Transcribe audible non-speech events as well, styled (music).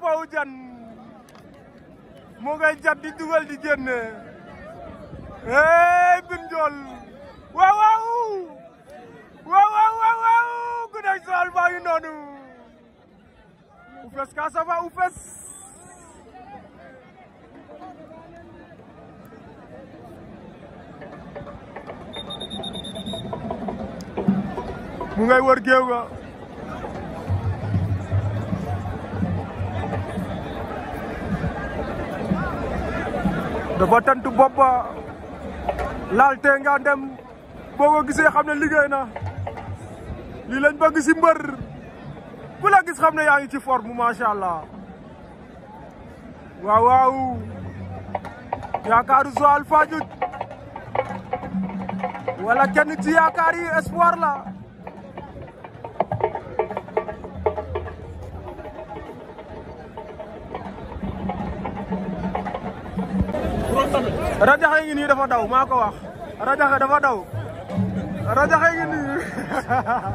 paw jan moo ngay jat di dugal ya. di génne hey bin jol waaw waaw waaw waaw waaw waaw gudeg sol baa ngi noonu Oufess Cassava Oufess mu ngay wër géew dafa tantu bopp ba laal te dem boo ko gisee xam ne liggéey na lii lañ bëgg si mbër ku gis xam ne yaa ngi ci mu macha allah waaw waaw yaakaaru Joal Fadiouth kenn ci yaakaar espoir la. rajaxe ngi nii dafa daw maa ko wax rajaxe dafa daw rajaxe ngi nii (laughs)